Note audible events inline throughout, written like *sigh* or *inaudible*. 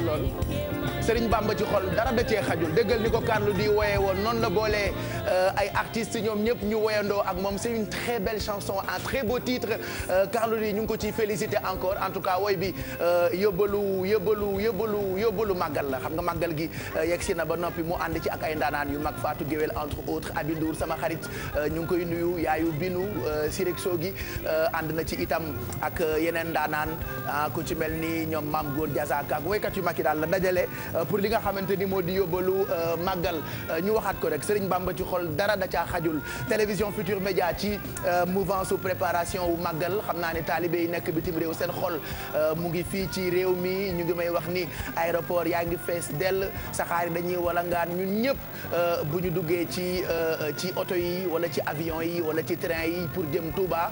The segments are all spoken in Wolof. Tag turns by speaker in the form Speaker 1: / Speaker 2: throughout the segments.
Speaker 1: loolu Serigne Bamba ci xol dara da cee xajul dëggal ni ko Carlou D woyee woon noonu la boolee euh, ay artistes ñoom ñëpp ñu woyandoo ak moom c'est une très belle chanson un très beau titre Carlou euh, D ñu ngi ko ciy félicité encore en tout cas woy bi euh, yóbbalu yóbbalu yóbbalu yóbbalu màggal la xam nga màggal gi yegg si na ba noppi mu ànd ci ak ay ndaanaan yu mag Fatou Guewel entre autres Aby sama xarit ñu ngi koy nuyu yaayu binu sirexo gi ànd na ci itam ak yeneen ndaanaan ah, ku ci mel ni ñoom Mame Goor Diazaka woykat yu mag yi daal la dajale Euh, pour li nga xamante ni moo di yóbbalu euh, màggal euh, ñu waxaat ko rek Serigne bàmba ci xol dara da caa xajul télévision Futur Média ci mouvement su préparation wu màggal xam naa ne taalibe yi nekk bitim réew seen xol mu ngi fii ci réew mi ñu ngi may wax ni aéroport yaa ngi fees dell saxaar yi dañuy ngaan ñun ñëpp bu ñu duggee ci ci oto yi wala ci avion yi wala ci train yi pour jëm tuuba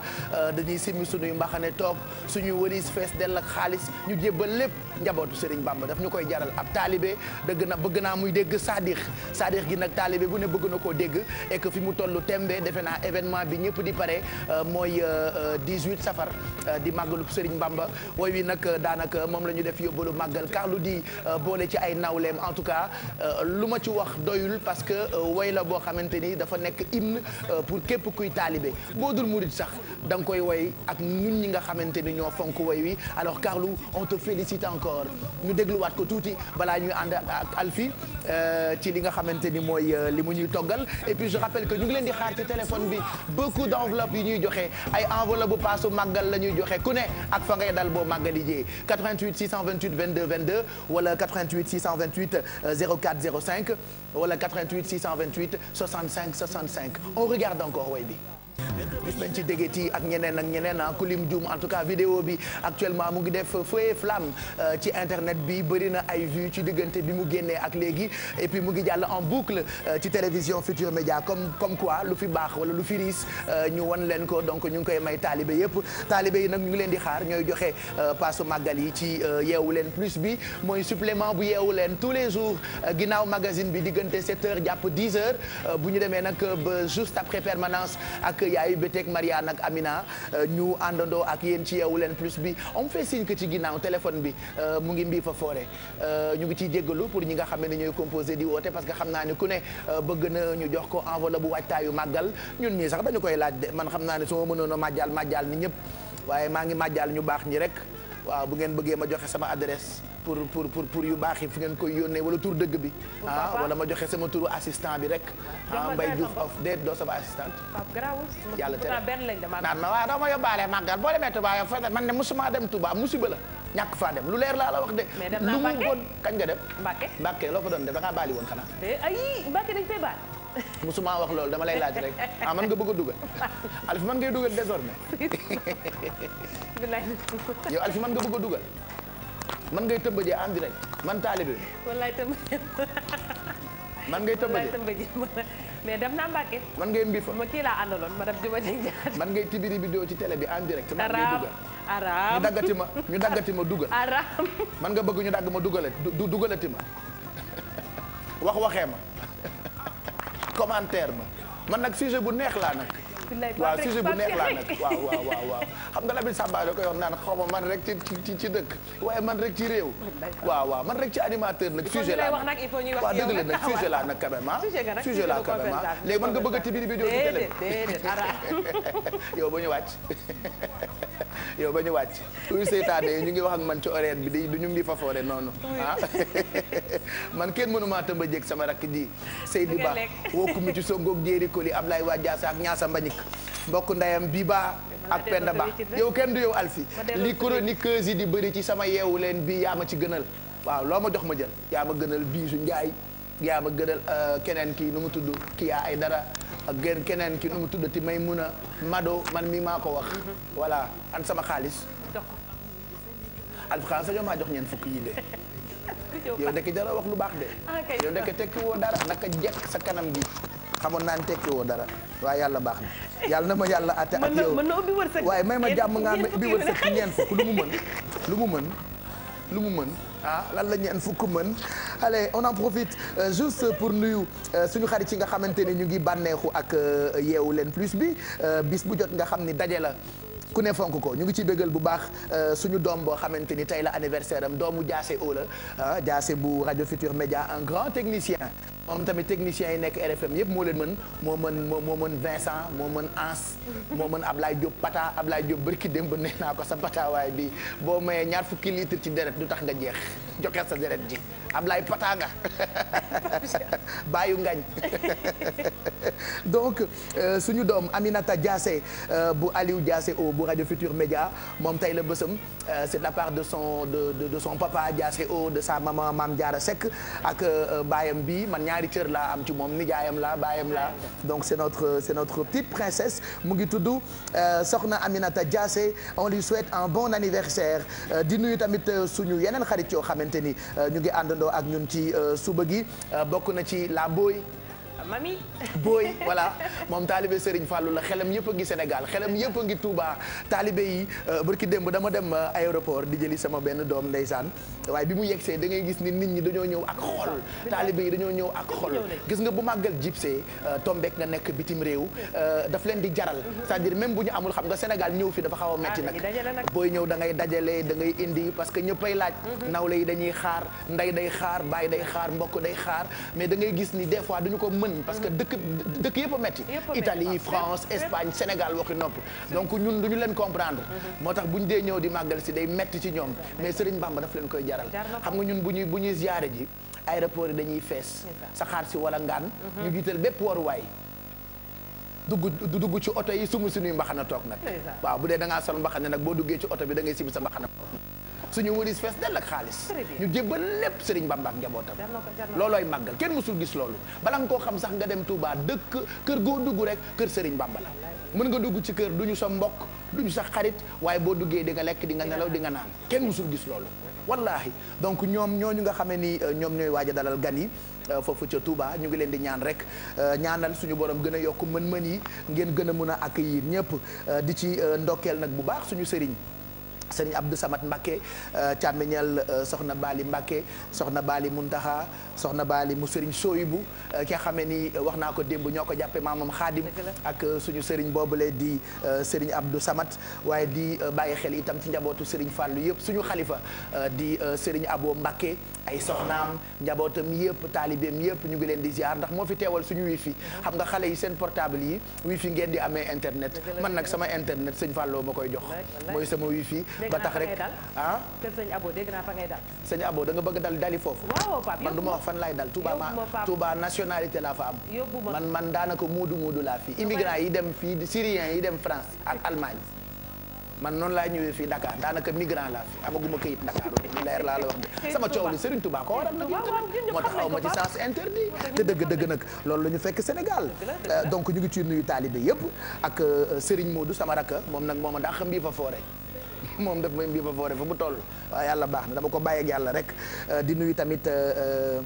Speaker 1: dañuy simmi suñuy mbaxane toog suñuy wëris fees dell ak xaalis ñu jébbal lépp njabootu Serigne Bamba daf ñu koy jaral taalibe dëgg na bëgg naa muy dégg saadix saadix gi nag taalibe bu ne bëgg na koo dégg et fi mu tollu tembe defe naa événement bi ñëpp di pare euh, mooy 18 euh, euh, safar di màggalub Serigne mbamba wooy wi nag daanaka moom la ñu def yóbbalu màggal Carlou di boole ci ay nawleem en tout cas lu ma ci wax doyul parce que woy la boo xamante ni dafa nekk hymne pour képp kuy taalibe boo dul murid sax da koy woy ak ñun ñi nga xamante ni ñoo fonk woy wi alors Carlou on te félicite daañu ànd ak Alfi euh, ci li nga xamante ni mooy euh, li mu ñuy toggal et puis je rappelle que ñu ngi leen di xaar ci téléphone bi beaucoup d' enveloppe yi ñuy joxe ay enveloppe bu paasu màggal la ñuy joxe ku ne ak fa ngay dal boo màggali jee 88 628 22 22 wala 88 628 04 05 wala 88 628 65 65 on regarde encore way bi gis nañ ci déggati ak ñeneen ak ñeneen ah kulim Dioum en tout cas vidéo bi actuellement mu ngi def feu flamme euh, ci internet bi bëri na ay vues ci diggante bi mu génnee ak léegi et puis mu ngi jàll en boucle euh, ci télévision Futur Média comme comme quoi lu fi baax wala lu fi riis euh, ñu won leen ko donc ñu ngi koy may taalibe yëpp taalibe yi nag ñu ngi leen di xaar ñooy joxe paasu maggal yi ci yeewu leen plus bi mooy supplément bu yeewu leen tous les jours ginnaaw magazine bi diggante 7 heures jàpp 10 heures bu ñu demee nag ba juste après permanence ak yaayu Bétek Marianne ak Amina euh, ñu àndandoo ak yéen ci yeewu leen plus bi on fait signe que ci ginnaaw téléphone bi euh, mu ngi mbii fa foore euh, ñu ngi ciy jéggalu pour ñi nga xam ne ñooy composé di woote parce que xam naa ne ku ne bëgg na ñu jox ko enveloppe bu waajtaayu màggal ñun ñii sax dañu koy laaj de man xam naa ne su ma mënoon a màjjal màjjal ni ñëpp waaye maa ngi màjjal ñu baax ñi rek waaw bu ngeen bëggee ma joxe sama adresse pour pour pour pour yu baax yi fu ngeen koy yónnee wala tur dëgg bi ah wala ma joxe sama turu assistant bi rek ah Mbaye of déet doo sama assistant
Speaker 2: yàlla te naan ma waaw doo ma yóbbaale màggal boo demee Touba
Speaker 1: yow fa man ne musuma dem Touba musiba la ñàkk faa dem lu leer laa la wax de lu mu woon kañ nga dem Mbàkke loo fa doon def da ngaa baali woon
Speaker 2: xanaa
Speaker 1: musuma wax loolu dama lay laaj rek ah man nga bëgg a dugal Alfi man ngay dugal désormais yow Alfi man nga bëgg a dugal man ngay tëmbajee en direct man taalibe bi. wallaay tëmbajee. man ngay tëmbajee mais dem naa Mbàkke. man ngay mbifa ma kii laa àndaloon madame Diouma Dieng. man ngay tibiri vidéo ci télé bi en direct. man ngay dugal
Speaker 2: araam ñu daggati ma
Speaker 1: ñu daggati ma dugal. araam man nga bëgg ñu dagg ma dugalati dugalati ma wax waxee ma. commentaire ba man nag sujet bu neex laa nag.
Speaker 2: waaw sujet bu neex laa nag waaw waaw waaw
Speaker 1: xam nga la Samba da koy wax naan xaw ma man rek ci ci dëkk waaye man rek ci réew waaw waaw man rek ci animateur nag sujet laa nag waaw laa nag quand même ah. sujet laa quand même ah. léegi mën nga bëgg a tibiri bi jox *laughs* yow ba ñu wàcc *laughs* yow ba ñu wàcc uy seytaane ñu ngi wax ak man ci oreet bi di du ñu mbi fafoore noonu ah *laughs* man kenn mënumaa tëmba jéeg sama rakk ji Seydi Ba wokku mi ci songoog jéeri koli Ablaye waa Jaasa ak ñaasa mbañik mbokk ndeyam bii baa ak Penda Ba yow kenn du yow Alfi li chroniqueuse yi di bëri ci sama yeewu leen bii yaa ma ci gënal waaw loo ma jox ma jël yaa ma gënal bii su njaay yaa ma gënal euh, keneen kii nu mu tudd kii yaa ay dara ak gën keneen ki nu mu ti may mun a mado man mi maa ko wax voilà an sama xaalis alfran sa ñoom maa jox ñeen fukk yi de *laughs* yow ndekki dara wax lu baax de yow ndekki tekki woo dara naka jekk sa kanam gi xamoon naan tekki woo dara waaye yàlla baax na yàlla na ma yàlla atte ak yow waaye may ma jàmm nga am ubbi wërsëg ñeen fukk lu mu mën lu mu mën lu mu mën ah lan la ñeen fukk mën allez on en profite euh, juste pour nuyu euh, suñu xarit yi nga xamante ni ñu ngi bànneexu ak euh, yeewu leen plus bi bis bu jot nga xam ni daje la ku ne fonk ko ñu ngi ci bégal bu baax suñu doom boo xamante ni tey la anniversaire am doomu Jaase Ola la Jaase ah, bu rajo Futur Média un grand technicien moom tamit techniciens yi nekk RFM yëpp moo leen mën moo mën moo mën Vincent moo mën Ans moo mën Ablaye Diop pata Ablaye Diop bërki dem ba nee naa ko sa pataawaay bii boo mayee ñaar fukki litre ci deret du tax nga jeex joxe sa deret ji Ablaye pata nga *laughs* bàyyu ngañ *laughs* donc euh, suñu doom Aminata Diassé euh, bu Aliou Diassé o bu Radio Futur Média moom tey la bësam euh, c'est de la de son de de son papa Diassé o de sa maman Mame Diarra Seck ak baayam bi ñaari cër laa am ci moom nijaayam laa baayam laa donc c'est notre c'est notre petite princesse mu ngi tudd euh, soxna Aminata Diassé on lui souhaite un bon anniversaire euh, di nuyu tamit euh, suñu yeneen xarit yoo xamante ni ñu ngi àndandoo ak ñun ci suba gi bokk na ci la Boy mami. booy *laughs* voilà moom taalibe Serigne Fallou la xelam yëpp a ngi Sénégal xelam yëpp a ngi Touba taalibe yi euh, barki démb dama dem euh, aéroport di jëli sama benn doom ndeysaan waaye bi mu yegsee da ngay gis ni nit ñi dañoo ñëw ak xol taalibe yi dañoo ñëw ak xol gis nga bu màggal jibsee euh, tombek nga nekk bitim réew daf leen di jaral c'est-à-dire même bu ñu amul xam nga Sénégal ñëw fi dafa xaw a metti nag ah, booy ñëw da ngay dajale da ngay indi parce que ñëppay laaj mhm. nawle yi dañuy xaar ndey day xaar baay day xaar mbokk day xaar mais da ngay gis ni des fois duñu ko mën parce que dëkk dëkk yëpp a metti Italie France Espagne Sénégal waxi nopp donc ñun du ñu leen comprendre mhm. moo tax bu ñu dee ñëw di màggal si day metti ci ñoom mais Serigne Bamba daf leen koy jaral xam nga ñun bu ñuy bu ñuy ziyaare ji aéroport yi dañuy fees saxaar si wala ngaan mhm. ñu jiital bépp waruwaay dugg dugg ci oto yi sumu suñuy mbaxana toog nag waaw bu dee da ngaa sol mbaxana nag boo duggee ci oto bi da ngay simi sa mbaxana suñu wëris fees dell ak xaalis ñu jébbal lépp Serigne Bamba ak njabootam loolooy màggal kenn musul gis loolu bala nga koo xam sax nga dem Touba dëkk kër goo dugg rek kër Serigne Bamba la mën nga dugg ci kër du ñu sa mbokk du ñu sa xarit waaye boo duggee di nga lekk di nga nelaw di nga naan kenn musul gis loolu wallahi donc ñoom ñu nga xamee ni euh, ñoom ñooy waaja dalal gan yi euh, foofu ca Touba ñu ngi leen di ñaan rek euh, ñaanal suñu borom gën a yokk mën-mën yi ngeen gën a mën a accueillir ñëpp di ci ndokkeel nag bu baax suñu sëriñ sëriñ Abdou Samad Mbakke euh, càmmiñal soxna baali Mbakke soxna Bali Muntaxa soxna Bali mu sëriñ Sooyibu bu euh, nga xamee ni euh, wax naa ko démb ñoo ko jàppee maamam xaadim ak suñu sëriñ boobule di sëriñ Abdou samat waaye di bàyyi xel itam ci njabootu sëriñ Fàllu yëpp suñu xalifa di sëriñ Abo Mbakke ay soxnaam njabootam yëpp taalibeem yëpp ñu ngi leen di ziar ndax moo fi teewal suñu wifi xam nga xale yi seen portable yi wifi ngeen di amee internet man nag sama internet sëñ Fàlloo ma koy jox mooy sama wifi ba tax rek ah
Speaker 2: kër sëñ Abo dégg naa fa ngay dal
Speaker 1: sëñ nga bëgg dal dali foofu man du ma wax fan laay dal Touba ma Touba nationalité laa fa am man daanaka muudu muudu laa fii immigrant yi dem fii Syriens yi dem France ak Allemagne man noonu laa ñëwee fii Dakar daanaka migrant laa fi amaguma këyit Dakar leer laa la wax de sama coow li Serigne Touba ko waral nag moo tax aw ma ci sens interdit te dëgg dëgg nag loolu lañu fekk Sénégal euh, donc ñu ngi ciy nuyu taalibe yëpp ak euh, Serigne Modou sama rakk moom nag mooma daa xam mbii moom daf may mbii ba foore fa mu toll waaye yàlla baax na dama ko bàyyi ak yàlla rek euh, di nuyu tamit euh, euh,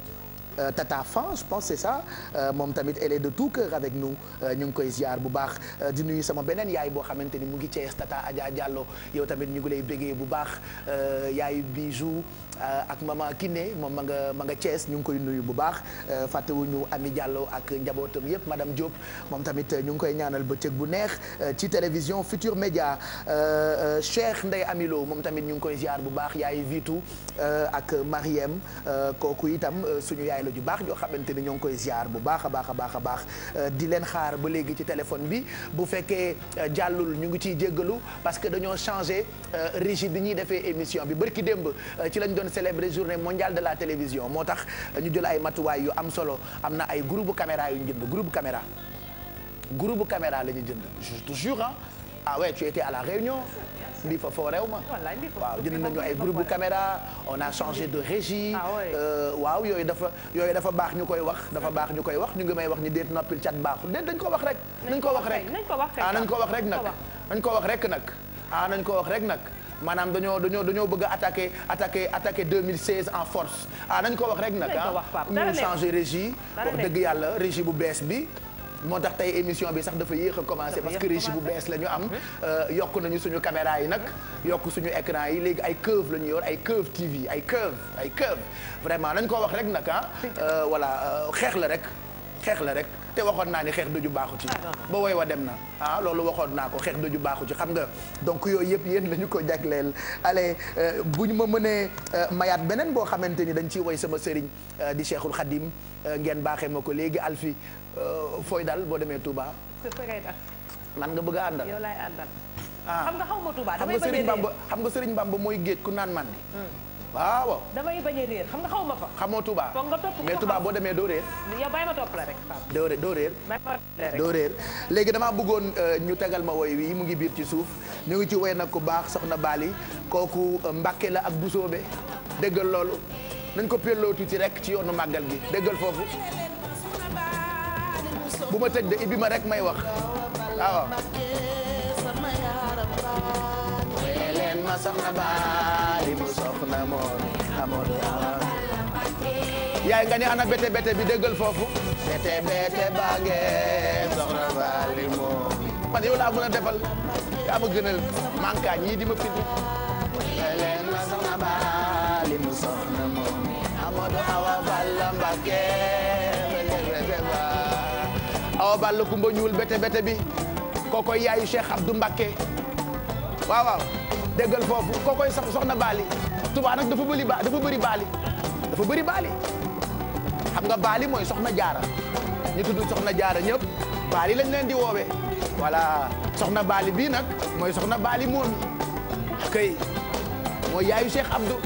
Speaker 1: Euh, Tata Fan je pense c'est euh, moom tamit elle de tout cœur avec nous euh, ñu ngi koy ziar bu baax di nuyu sama beneen yaay boo xamante ni mu ngi Thiès Tata Adja Diallo yow tamit ñu ngi lay bégee bu baax yaay bijou ak maman Kiné moom ma nga ma nga Thiès ñu ngi koy nuyu bu baax fàttewuñu Ami jàlloo ak njabootam yëpp madame Diop moom tamit ñu ngi koy ñaanal ba bëccëg bu neex ci télévision Futur Média Cheikh Ndeye Amilo moom tamit ñu ngi koy ziar bu baax yaay Vitu ak Mariem kooku itam suñu yaay la la ju baax joo xamante ni ñoo ngi koy ziar bu baax a baax a baax a euh, di leen xaar ba léegi ci téléphone bi bu fekkee euh, jàllul ñu ngi ciy jéggalu parce que dañoo changé euh, régie bi ñuy defee émission bi bërki démb ci lañ doon célébrer journée mondiale de la télévision moo tax ñu jël ay matuwaay yu am solo am na ay groupe caméra yu ñu jënd groupe caméra groupe caméra la ñu jënd je te jure ah ouais à la réunion ndi fa foo rew ma
Speaker 2: waaw
Speaker 1: jënd nañu ay groupe caméra on a changé de régie waaw yooyu dafa yooyu dafa baax ñu koy wax dafa baax ñu koy wax ñu ngi may wax ni déet noppil cat baaxul déet dañ ko wax rek nañ ko wax rek
Speaker 2: ah nañ ko wax rek nag
Speaker 1: nañ ko wax rek nag ah, nañ ko wax rek nag maanaam dañoo dañoo dañoo bëgg a attaqué attaqué attaqué 2016 en force ah nañ ko wax rek nag ah ñu changé régie dëgg yàlla régi bu bees bi moo tax tey émission bi sax dafa yéex a commencé parce que régie bu bees la am euh, yokk nañu suñu caméra yi nag yokk suñu écran yi léegi ay curve la ñu yor ay curve TV ay curve ay curve vraiment nañ ko wax rek nag ah wala euh, euh, xeex la rek xeex la rek te waxoon naa ni xeex doju baaxu ci ah, ba woy wa dem na ah loolu waxoon naa ko xeex doju baaxu ci xam nga donc yooyu yëpp yéen lañu ñu ko jagleel ale euh, bu ñu ma mënee euh, mayaat beneen boo xamante ni dañ ciy woy sama sëriñ euh, di Cheikhul Khadim ngeen baaxee ma ko léegi Alfi fooy dal boo demee Touba. man nga bëgg a àndal yow
Speaker 2: laay àndal. Ah. xam nga xaw ma Touba xam
Speaker 1: nga Serigne Bamba ba mooy géej ku naan man. Hmm. waaw
Speaker 2: damay bañ a réer xam nga xaw ma fa.
Speaker 1: xamoo tubaa foog nga mais Touba boo demee doo réer.
Speaker 2: yow bàyyi ma topp la rek Pape.
Speaker 1: doo réer doo léegi damaa bëggoon euh, ñu tagal ma woy wi mu ngi biir ci suuf ñu ngi ci woy nag ku baax soxna Bali kooku euh, Mbàkke la ak Busoobe déggal loolu nañ ko pelloo tuuti rek ci yoonu màggal gi déggal foofu bu ma tëj de ibbi ma rek may wax
Speaker 2: leen ma soxna baali
Speaker 1: mu soxna moon yaay nga ni ana bete bete bi déggal foofu bete bete baage soxna baali moom man yow laa mën a defal yaa ma gënal manka ñii di ma pindi leen ma soxna baali mu soxna moon amoon awa balla mbake awa balla kumba ñuul bete bete bi kookoy yaayu Cheikh Abdou Mbacké waaw waaw déggal foofu kookoy sax soxna baali Touba nag dafa bari ba dafa bëri baali dafa bëri baali xam nga baali mooy soxna jaara ñu tudd soxna jaara ñëpp baali lañ leen di woowee voilà soxna baali bii nag mooy soxna baali moom kay mooy yaayu am Abdou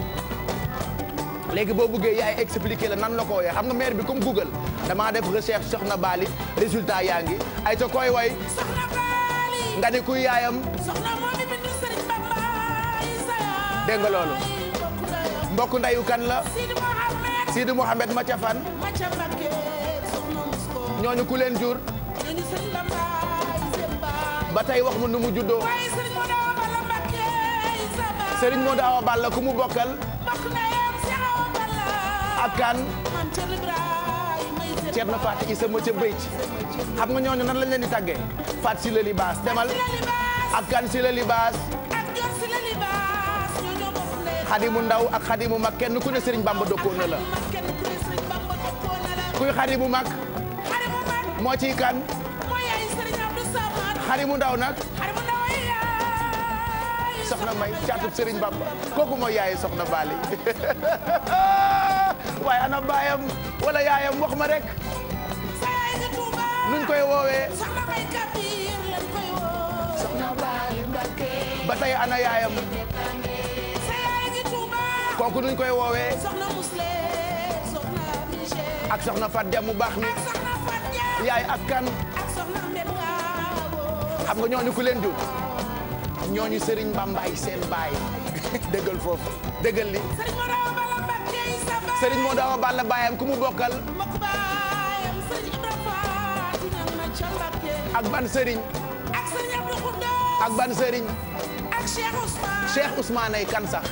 Speaker 1: léegi boo bëggee yaay expliqué la nan la ko wooyee xam nga maire bi comme Google damaa def recherche soxna baali résultat yaa ngi ay ta koy way nga ne kuy yaayam dégg nga loolu mbokk ndeyu kan la Sidi Mouhamed Macafan ñooñu ku leen jur ba tey wax mun nu mu juddoo Serigne Modou Awa Balla ku mu bokkal ak kan Ceerno Faati Isa ma ca bëy ci xam nga ñooñu nan lañ leen di tàggee Faat si la libaas demal ak kan si la xadimu ndaw ak xadimu mag kenn ku ne sëriñ bamba dëkkoon na la kuy xadimu mag moo ciy kan xadimu ndaw nag soxna may caatub sëriñ bamba kooku mooy yaayu soxna baali *laughs* waaye ana baayam wala yaayam wax ma rek nuñ koy woowee
Speaker 2: ba tey ana yaayam kooku nuñ koy woowee. soxna Musle soxna Bigé. ak
Speaker 1: soxna Fat Dia mu baax mi. yaay ak kan. xam nga ñooñu ku leen jur ñooñu Serigne Bambaye seen baay *laughs* dëggal foofu dëggal li. Serigne moo daawa balla baayam ku mu bokkal. ak ban Serigne. ak ban Serigne. ak
Speaker 2: Cheikh Ousmane.
Speaker 1: Cheikh Ousmane ay kan sax.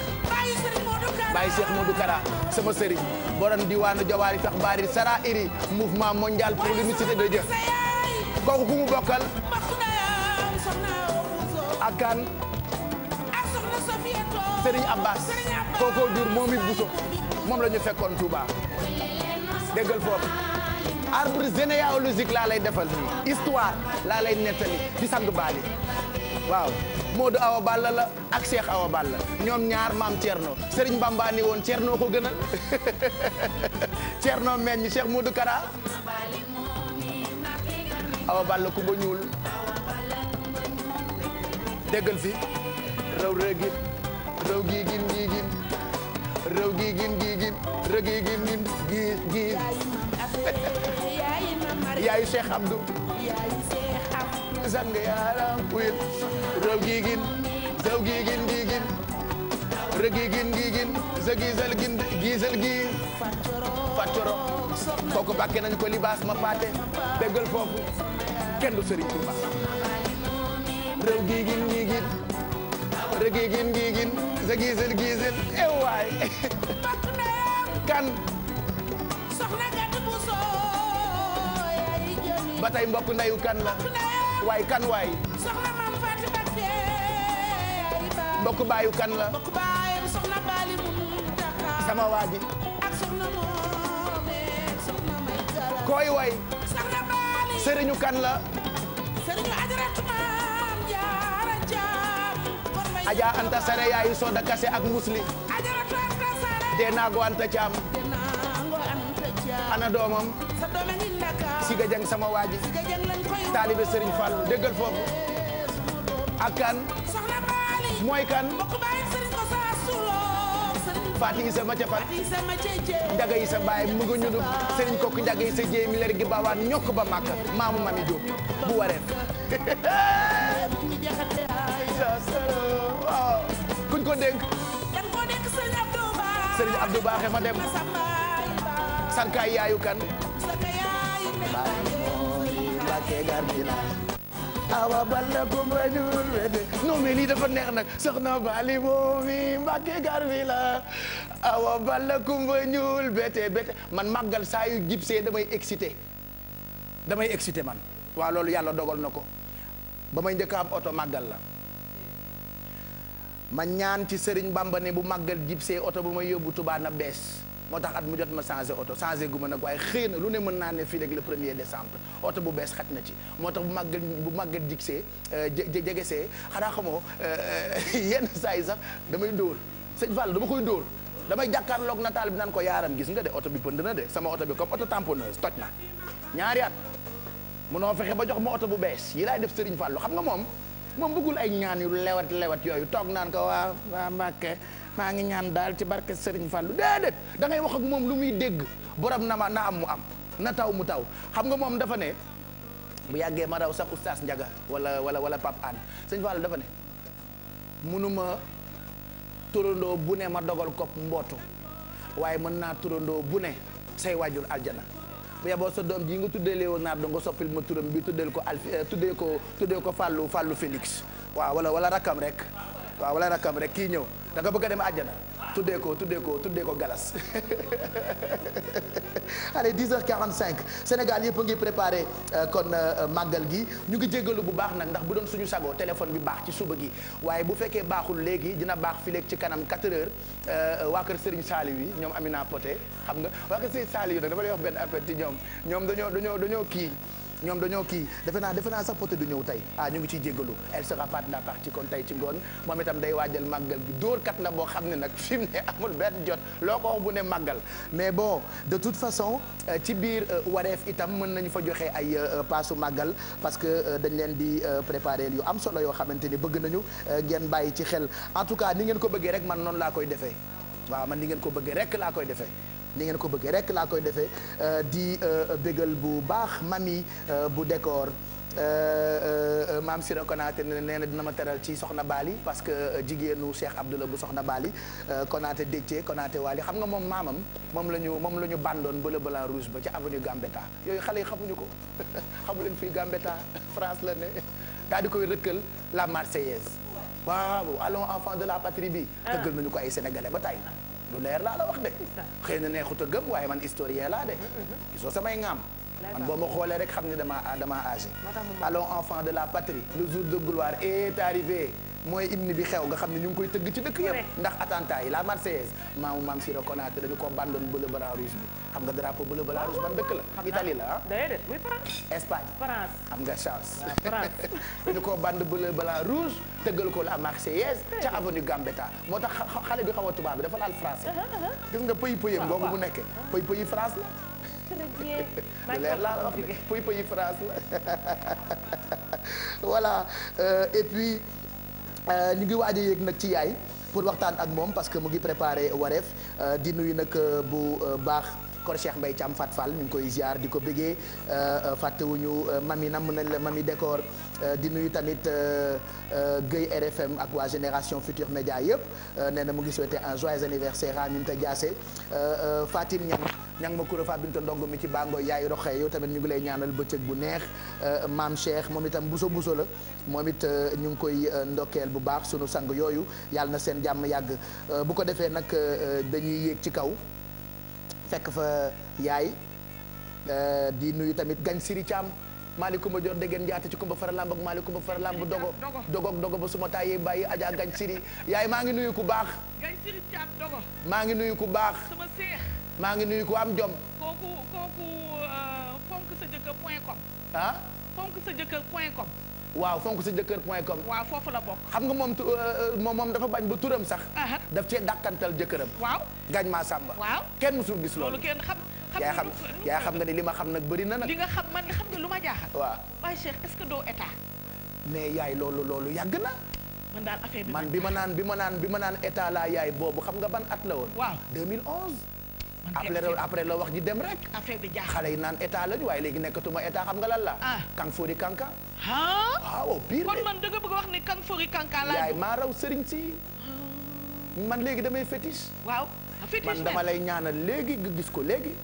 Speaker 1: Baye Cheikh Modou Kara sama sëriñ borom diwaanu jawaari tax baari sara iri mouvement mondial pour l'unicité de Dieu kooku ku mu bokkal ak kan
Speaker 2: Serigne Abbas
Speaker 1: kookoo jur moom it Bousso moom la ñu fekkoon Touba déggal foofu arbre généalogique laa lay defal histoire laa lay nettali ci baali waaw Modou Awa Balla la ak seex Awa Balla ñoom ñaar maam noo Serigne Bamba ni woon Thierno ko gënal *laughs* Thierno meññ Cheikh Modou Kara Awa Balla ku ba ñuul déggal fi raw rëgin raw giigin giigin gii gii yaayu Cheikh Abdou sang yaram wit rew gigin zaw gigin gigin regigin gigin zagizal gin gizal gi faccoro kooku bàkke ko libaas ma paate déggal foofu kenn du Serigne Touba rew gigin gigin regigin gigin zagizal gizal e waay kan soxna gàtt bu soo
Speaker 2: yaay jëli
Speaker 1: ba tey mbokk ndeyu kan waay kan waay. bokk baayu kan la. bokk baayu sama waa ji. ak sëriñu kan la. sëriñu ajaratu maam
Speaker 2: jaara Aja Anta Sare
Speaker 1: yaayu Soda Kase ak Musli. ajaratu Anta Anta Caam. Denaago doomam. sa sama waa taalibe Serigne Fall déggal foofu ak kan mooy kan Faati Isa ma ca fan Njaga Isa baay mu ngi ñudu Serigne Kokki Njaga Isa jéey mi gi baawaan ñokk ba màkk maamu mami Jóob bu wareen *laughs* kuñ ko dénk Serigne Abdou Baaxe ma dem sarkaay yaayu kan Mbàkke garmi la kumba jur wede non lii dafa neex nag soxna Bali moomi Mbàkke garmi la awa balla kumba ñuul bete bete man màggal saa yu jibsee damay excité damay excité man waaw loolu yàlla dogal na ko ba may njëkk am oto màggal la man ñaan ci Sëriñ Bamba bu màggal jibsee oto ba may yóbbu Tuubaa na bees moo tax at mu jot ma changé oto changé gu ma nag waaye xëy na lu ne mën naa ne fii rek le premier décembre oto bu bees xaj na ci moo tax bu màggat bu màggat jigsee euh, jegesee xanaa xamoo euh, *laughs* yenn saa yi sax damay dóor sëñ Fall dama koy dóor damay jàkkaarloog nataal bi naan ko yaaram gis nga de oto bi pënd na de sama oto bi comme oto tamponneuse toj na ñaari at munoo fexe ba jox ma oto bu bees yi laay def Serigne Fallou xam nga moom moom bëggul ay ñaan yu lewet lewat yooyu toog naan ko waa waa Mbàkke maa ngi ñaan daal ci barke Serigne Fallou déedéet da ngay wax ak moom lu muy dégg borom na ma na am mu am na taw mu taw xam nga moom dafa ne bu yàggee ma raw sax oustaz njaga wala wala wala Pape Anne Serigne Fallou dafa ne munuma turandoo bu ne ma dogal ko mbootu waaye mën naa turandoo bu ne say waajur aljana bu yeboo sa doom ji nga tuddee Leonardo nga soppil ma turam bi tuddeel ko Alfi eh, tuddee ko tuddee ko Fallou Fallou Félix waaw wala wala rakkam rek waaw wala rakkam rek kii ñëw da nga bëgg dem àjjana tuddee ko tuddee ko tuddee ko galas *laughs* allez 10h45 Sénégal yëpp a ngi préparé euh, kon euh, màggal gi ñu ngi jéggalu bu baax nag ndax bu doon suñu sago téléphone bi baax ci suba gi waaye bu fekkee baaxul léegi dina baax fi ci kanam 4h euh, waa kër Serigne Saliou yi ñoom Amina Poté xam nga waa kër Serigne Saliou nag dafa lay wax benn affaire ci ñoom ñoom dañoo dañoo dañoo kii. ñoom dañoo kii defe naa defe naa sax poté du ñëw tey ah ñu ngi ciy jéggalu elle sera pas de la partie kon tey ci ngoon moom itam day waajal màggal gi dóorkat la boo xam ne nag fi mu ne amul benn jot loo ko wax ne màggal mais bon de toute façon euh, ci biir euh, wareef itam mën nañu fa joxe ay euh, paasu màggal parce que dañ leen di préparer yu am solo yoo xamante ni bëgg nañu ngeen bàyyi ci xel en tout cas ni ngeen ko bëggee rek man noonu laa koy defee waaw man ni ngeen ko bëggee rek laa koy defee ni ngeen ko bëggee rek laa koy defee euh, di euh, bégal bu baax mami euh, bu décor maam Sira Konaté nee na dina ma teral ci Soxna Bali parce que jigéenu Cheikh Abdoulaye bu Soxna Bali Konaté Décé Konaté Wali xam nga moom maamam moom la ñu moom la ñu bandoon ba le Blanc Rouge ba ci avenue Gambetta yooyu xale yi xamuñu ko *laughs* xamu leen fii Gambetta France la ne daal di koy rëkkal la Marseillaise waaw allons enfants de la patrie bi. dëggal ah. nañu ko ay sénégalais ba tey. lu leer laa la wax de xëy na neexut a gëm waaye man historien laa de soo samay ŋaam man boo ma xoolee rek xam ne dama dama âgé allons enfants de la patrie le jour de gloire est arrivé mooy hymne bi xew nga xam ne ñu ngi koy tëgg ci dëkk yëpp ndax attentat yi la Marseillaise maamu maam Siro Konaté dañu ko bandoon bleu blanc rouge bi xam nga drapeau bleu blanc rouge ban dëkk la Italie la ah déedéet muy France Espagne France xam nga chance *laughs* dañu ko band bleu blanc rouge tëggal ko la Marseillaise ca avenue Gambetta moo tax xale bi xaw a tubaab bi dafa laal français uh-huh, uh-huh. gis nga pëy pëyam googu mu nekke ah. pëy pëyi France
Speaker 2: la *laughs* *laughs* leer laa la wax
Speaker 1: pëy pëyi France la voilà euh, et Euh, ñu ngi waaj a yéeg nag ci yaay pour waxtaan ak moom parce que mu ngi préparé wareef euh, di nuyu nag euh, bu baax. kor Cheikh Mbaye Thiam Fat Fall ñu ngi koy ziar di ko bëggee euh, euh, fàttewuñu euh, mami nam nañ la mami décor di nuyu tamit Gueye RFM ak waa génération Futur Média yëpp nee na mu ngi souhaité un joyeux anniversaire à Aminta Diassé Fatim Niang ñan ma kura fa binta ndongo mi ci bango yaay roxee yow tamit ñu ngi lay ñaanal bëccëg bu neex maam Cheikh moom itam buso buso la moom it ñu ngi koy ndokkeel bu baax sunu sang yooyu yàlla na seen jàmm yàgg bu ko defee nag dañuy yéeg ci kaw fekk fa yaay euh, di nuyu tamit gañ siri Thiam maaleykum joor dégeen njaata ci kumba fara lamb ak maaleykum fara lamb dogo dogo dogo ba suma taayee bàyyi ajaa gañ siri yaay maa ngi nuyu ku baax
Speaker 2: maa ngi nuyu ku baax
Speaker 1: maa ngi nuyu ku am jom
Speaker 2: kooku kooku euh, fonk sa jëkkër point com fonk sa jëkkër point com
Speaker 1: waaw fonk sa jëkkër point com. waaw foofu la bokk. xam nga moom euh, euh, moom moom dafa bañ ba turam sax. Uh-huh. daf cee dàkkantal jëkkëram. waaw gaañ maa sàmba. waaw kenn musul gis loolu. loolu kenn xam xam yaa xam nga ne li ma xam nag bari na nag.
Speaker 2: li nga xam man xam nga lu ma jaaxal. waa waaye Cheikh est-ce que doo
Speaker 1: mais yaay loolu loolu yàgg na.
Speaker 2: man daal affaire bi ma naan
Speaker 1: bi ma naan bi ma naan état laa yaay boobu xam nga ban at la woon. waaw 2011. après après la wax ji dem rek. affaire bi jaaxal xale yi naan état lañu waaye léegi nekkatuma état xam nga lan la. ah kanfoori kanka.
Speaker 2: ah waaw pire kon man dëgg bëgg wax ni kanfoori kanka laa. yaay maa
Speaker 1: raw sëriñ si. Ah. man léegi damay fétiche. waaw man dama lay ñaanal léegi nga gis ko léegi.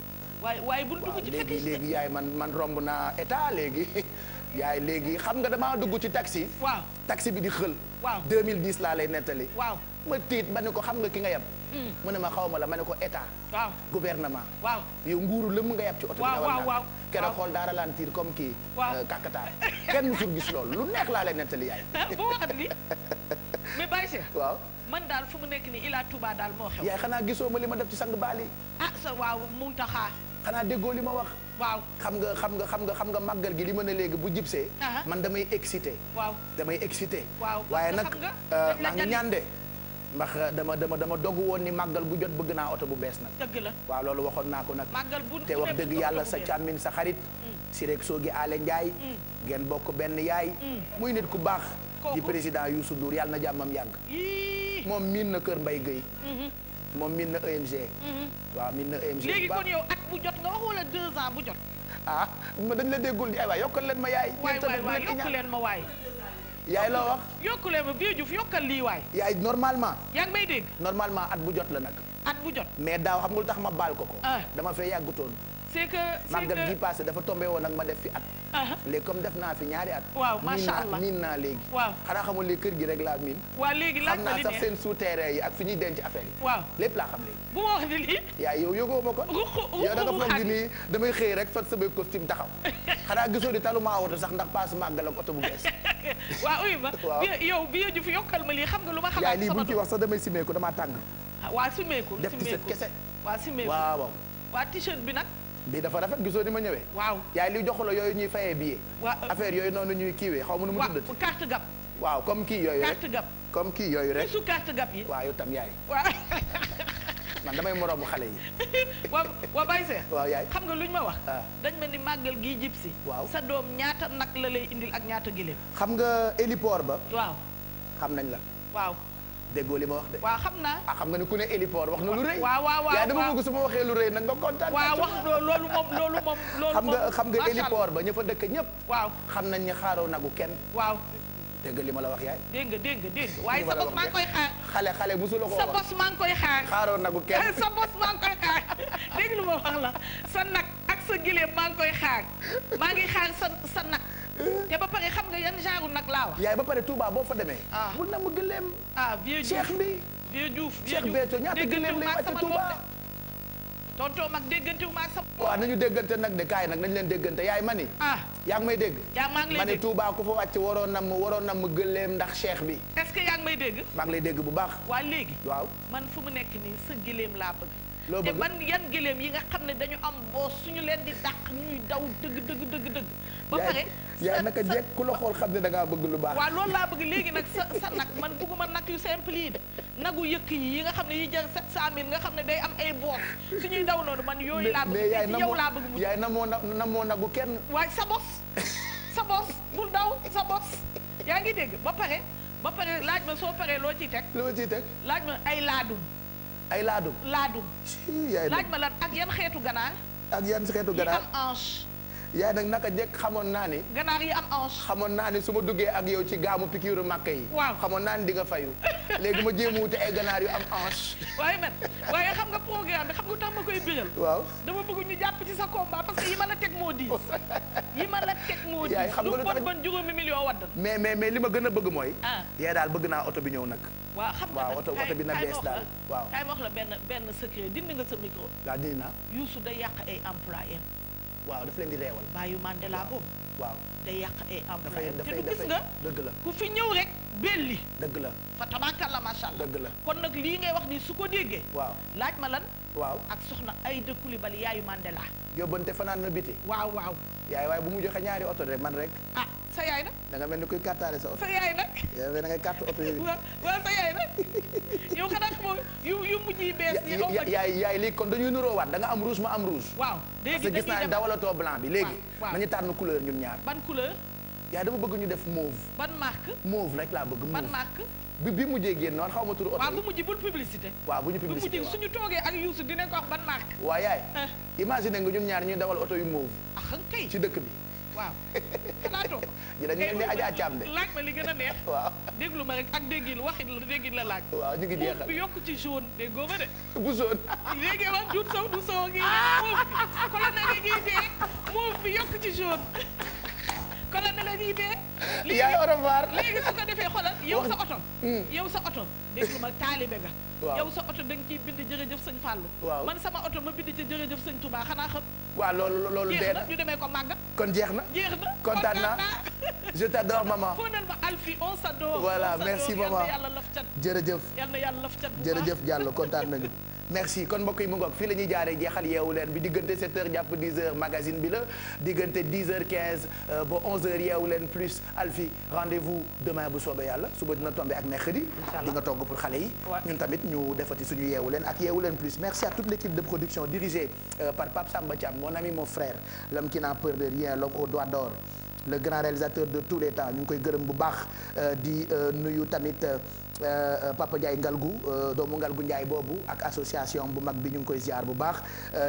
Speaker 1: waaye waaye bu dugg ci fétiche léegi yaay man man romb naa état léegi. *laughs* yaay léegi xam nga damaa dugg ci taxi. waaw taxi bi di xël. waaw 2010 laa lay nettali. waaw ma tiit ba ne ko xam nga ki nga yem. Mm. mu ne ma xaw ma la ma ne ko état. waaw gouvernement. waaw yow nguuru lëmm nga yàpp ci oto. waaw waaw waaw xool daa ralentir comme kii. ki euh, kàkkatar kenn musul gis loolu lu neex laa lay nettali yaay. *laughs* boo xam
Speaker 2: man daal fu mu nekk nii Ila Touba daal moo xew. yaay xanaa
Speaker 1: gisoo ma li ma def ci sang baali.
Speaker 2: Ah, sa waaw Muntaxa.
Speaker 1: xanaa déggoo li ma wax. waaw xam nga xam nga xam nga xam nga maggal gi li ma ne léegi bu jibsee. man damay excité. damay excité. waaw waaye nag euh, maa ngi ndax eh, dama dama dama dogu woon ni màggal bu jot bëgg naa oto bu bees nag dëgg la waaw loolu waxoon naa ko nag
Speaker 2: te wax dëgg yàlla sa càmmin
Speaker 1: sa xarit mm. si rek soo gi aale njaay mm. ngeen bokk benn yaay mm. muy nit ku baax di président Youssou Ndour yàlla na jàmmam yàgg moom miin na kër Mbay Guèye mm-hmm. moom miin na EMG mm-hmm. waaw miin na EMG
Speaker 2: bu jot nga wax wala deux bu jot
Speaker 1: ah ma dañ la déggul di ay waay yokkal leen ma yaay waay waay waay yaay loo wax.
Speaker 2: yokkulee ba bii Diouf yokkal lii waay.
Speaker 1: yaay normalement. yaa ngi may dégg. normalement at bu jot la nag. at bu jot mais daaw xam nga lu tax ma baal ko ko. Ah. dama fee yàggutoon.
Speaker 2: c'est que màggal gi
Speaker 1: passé dafa tombé woon nag ma def fi at léegi comme def naa fi ñaari at waaw miin naa léegi waaw xanaa xamul li kër gi rek laa miin
Speaker 2: waaw léegi laaj ma li xam naa sax seen
Speaker 1: souterrain yi ak fi ñuy denc affaire yi waaw lépp laa xam
Speaker 2: léegi
Speaker 1: bu yow yëgoo ma ko yow da nga foog di nii damay xëy rek fat samay costume taxaw *laughs* xanaa gisoo di talu maa oto sax ndax passe màggal ak oto
Speaker 2: bu bees *laughs* yow bi ju fi yokkal ma lii xam nga lu ma xamaat lii bu ci wax
Speaker 1: sax damay simeeku damaa tàng
Speaker 2: ah, waaw simeeku def kese waaw simeeku waaw waaw bi nag
Speaker 1: bii dafa rafet gisoo ni ma ñëwee. waaw yaay li jox la yooyu ñuy fayee billet. waaw affaire yooyu noonu ñuy kiiwee xaw ma nu mu tuddati. waaw carte gab. waaw comme kii yooyu rek carte gab. comme kii yooyu rek su carte gab yi. waaw yow tam yaay. waa *laughs* man damay moroomu xale yi.
Speaker 2: *laughs* wa wa Baye Cheikh. waaw yaay xam nga ñu ma wax. Ah. dañ ma ni màggal gii jib si. waaw sa doom ñaata nag la lay indil ak ñaata gileem.
Speaker 1: xam nga héliport ba. waaw xam nañ la. waaw. déggoo li ma wax de.
Speaker 2: waaw xam naa. ah
Speaker 1: xam nga ne ku ne héliport wax na lu rëy. waaw waaw waaw yaa dama bëgg su ma waxee lu rëy nag nga kontaan. waaw wax
Speaker 2: loolu moom loolu moom. loolu moom xam nga xam nga héliport
Speaker 1: ba ña fa dëkk ñëpp. waaw xam nañ ne xaaroo nagu
Speaker 2: kenn. waaw. dégg li ma la wax yaay. dégg nga dégg waaye sa bos maa koy xaar. xale xale musu la ko wax sa maa ngi koy xaar. xaaroo nagu kenn *laughs* sa bos maa ngi koy xaar dégg lu ma wax la sa nag ak sa gileem maa ngi koy xaar maa ngi xaar sa sa nag te ba pare xam nga yan genre nag laa wax. yaay
Speaker 1: ba pare Touba boo fa demee.
Speaker 2: ah bu namm gëléem. ah vieux Diouf Cheikh bi. vieux Diouf vieux Diouf Cheikh Béthio ñaata gëléem lay wàcc déggante wu ma ak sama.
Speaker 1: waaw nañu déggante nag de kaay nag nañu leen déggante yaay mani. ah yaa ngi may dégg. yaa maa ngi lay dégg mani Touba ku fa wàcc waroon na mu waroon na mu gëléem ndax cheikh bi.
Speaker 2: est-ce que yaa ngi may dégg. maa ngi lay dégg bu baax. waa léegi. waaw man fu mu nekk nii sa gëléem laa bëgg. te ban yan géléem yi nga xam ne dañu am boo suñu leen di dàq ñuy daw dëgg dëgg dëgg dëgg ba pare
Speaker 1: yaa naka jekk ku la xool xam ne da bëgg lu baax waaw loolu laa bëgg léegi nag sa nag
Speaker 2: man bëgguma nag yu simple yi de nagu yëkk yi yi nga xam ne yi jar sa cent nga xam ne day am ay boos ñuy daw noonu man yooyu laa bëgg yow laa bëgg mu
Speaker 1: yaay namoo namoo nagu kenn
Speaker 2: waaye sa bos sa bos bul daw sa bos yaa ngi dégg ba pare ba pare laaj ma soo paree loo ciy teg loo ciy teg laaj ma ay laadum ay laadum. laadum. laaj ma lan ak yan xeetu ganaar.
Speaker 1: ak yan xeetu ganaar yi am ange. yaay nag naka jekk xamoon naa ni. ganaar yi am ange. xamoon naa ni su ma duggee ak yow ci gaamu pikiiru màkk yi. waaw xamoon naa ni di nga fayu. *laughs* léegi ma jéem a wuti ay ganaar
Speaker 2: yu am ange. waaye man waaye xam nga programme bi xam nga tax ma koy biral. waaw dama bëgg ñu jàpp ci sa combat parce que yi ma la teg moo diis. yi ma la teg moo diis. yaay xam nga lu juróomi million wadd.
Speaker 1: mais mais mais li ma gën a bëgg mooy. ah yaay daal bëgg naa oto bi ñëw nag.
Speaker 2: waaw xam nga nag bi na bees daal waaw. kay wax waaw dafa leen di reewal. bàyyi Mandela boobu. waaw day yàq ay emplois te du gis nga. dëgg la ku fi ñëw rek belli. dëgg la fa tabaarakalla macha allah. dëgg la kon nag lii ngay wax nii su ko déggee. waaw laaj ma lan. waaw ak soxna ay Aïda Coulibaly yaayu Mandela.
Speaker 1: yóbbante fanaan na biti. waaw waaw. yaay waaye bu mu joxe ñaari oto de man rek.
Speaker 2: ah sa yaay nag.
Speaker 1: da nga mel ni kuy kàttaale sa oto. sa yaay nag. yow da ngay kàtt oto yooyu.
Speaker 2: *laughs* waaw sa yaay nag yow xanaa moom yu yu mujj yi bees. yaay
Speaker 1: yaay léegi kon dañuy nuroo waat da nga am rouge ma am rouge. waaw léegi parce que gis naa dawalatoo blanc bi léegi. waaw nañu tànn couleur ñun ñaar. ban couleur. yaa dama bëgg ñu def mauve. ban marque. mauve rek laa bëgg mauve ban marque. bi bi mujjee génn noonu xaw ma turu oto. waaw bu mujj bul publicité. waaw bu ñu publicité waaw bu mujj suñu
Speaker 2: toogee ak Youssou dinañ ko wax ban marque.
Speaker 1: waaw yaay. Eh. imagine nga ñun ñaar ñuy dawal oto yu mauve. Ah, ci dëkk bi.
Speaker 2: waaw xalaatoo ko. *laughs*
Speaker 1: ñu dañu leen di Adja
Speaker 2: ma li gën a neex. *laughs* waaw déglu ma rek ak déggil waxit la déggil la laaj. waaw ñu ngi jeexal bi yokk ci jaune déggoo ma de. *laughs* bu jaune. léegi wax juut sow du sow ngi. moom bi bi yokk ci jaune. kon na la ñuy dee. yaay au revoir léegi su ko defee xoolal yow sa oto. Hmm. yow sa oto déglu ma taalibe nga. waaw sa oto da nga ciy bind jërëjëf sëñ Fallou. waaw man sama oto ma bind ci jërëjëf sëñ Touba xanaa xam.
Speaker 1: waaw loolu loolu dee na
Speaker 2: ñu demee ko màgg kon jeex na kontaan na kontaan naa
Speaker 1: je t'adore *laughs* ma
Speaker 2: Alfie on s'adore. voilà merci maman yal na yàlla laf cat. jërëjëf yal na yàlla laf cat. jërëjëf
Speaker 1: Diallo kontaan nañu. *laughs* merci kon mbokk yi mu ngoog fii la ñuy jaaree jeexal yeewu leen bi diggante 7h jàpp 10h magazine bi la diggante 10h15 euh, ba 11h yeewu leen plus Alfi rendez-vous demain bu soobee yàlla suba dina tombé ak mercredi. di nga togg pour xale yi. ñun tamit ñu defati suñu yeewu leen ak yeewu leen plus merci à toute l'équipe de production dirigée euh, par Pape Samba Thiam mon ami mon frère l'homme qui n'a peur de rien l'homme au doigt d'or le grand réalisateur de tous euh, di nuyu tamit. Euh, euh, Papa Ndiaye Ngalgu euh, doomu ngal Ngalgu Ndiaye boobu ak association bu mag bi ñu ngi koy ziar bu baax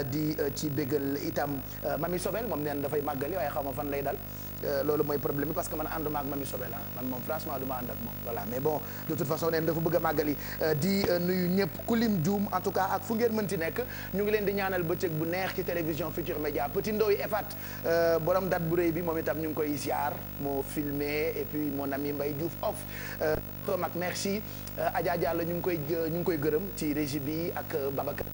Speaker 1: di ci bégal itam Mami Sobel moom neen dafay màggali waaye xaw ma fan lay dal Euh, loolu mooy problème bi parce que man ànduma ak Mamy Sobé la ah. man moom franchement du ma ànd ak moom voilà mais bon de toute façon euh, euh, ñëpp ku lim juum en tout cas ak fu ngeen mën ci nekk ñu ngi leen di ñaanal bëccëg bu neex ci télévision Futur Média Petit Ndoy Efat boroom date bu réy bi moom itam ñu ngi koy ziar moo filmé et puis mon ami mbay Diouf off tom ak merci Adja Diallo ñu ngi koy ñu ngi koy gërëm ci régi bi ak Babacar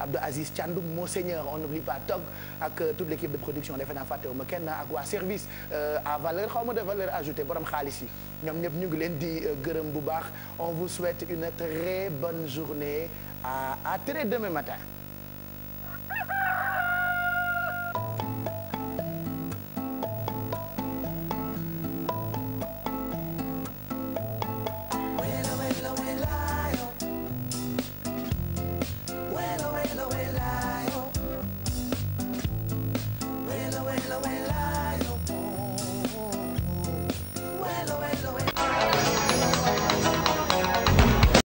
Speaker 1: Abdou Aziz Thiandoum Monseigneur on n'oublie pas Tog ak toute l'équipe de production defe naa fàttewuma kenn ak waa service Euh, à valeur xaw ma de valeur ajoutée borom xaalis yi ñoom ñëpp ñu ngi leen di euh, gërëm bu baax on vous souhaite une très bonne journée à à très demain matin.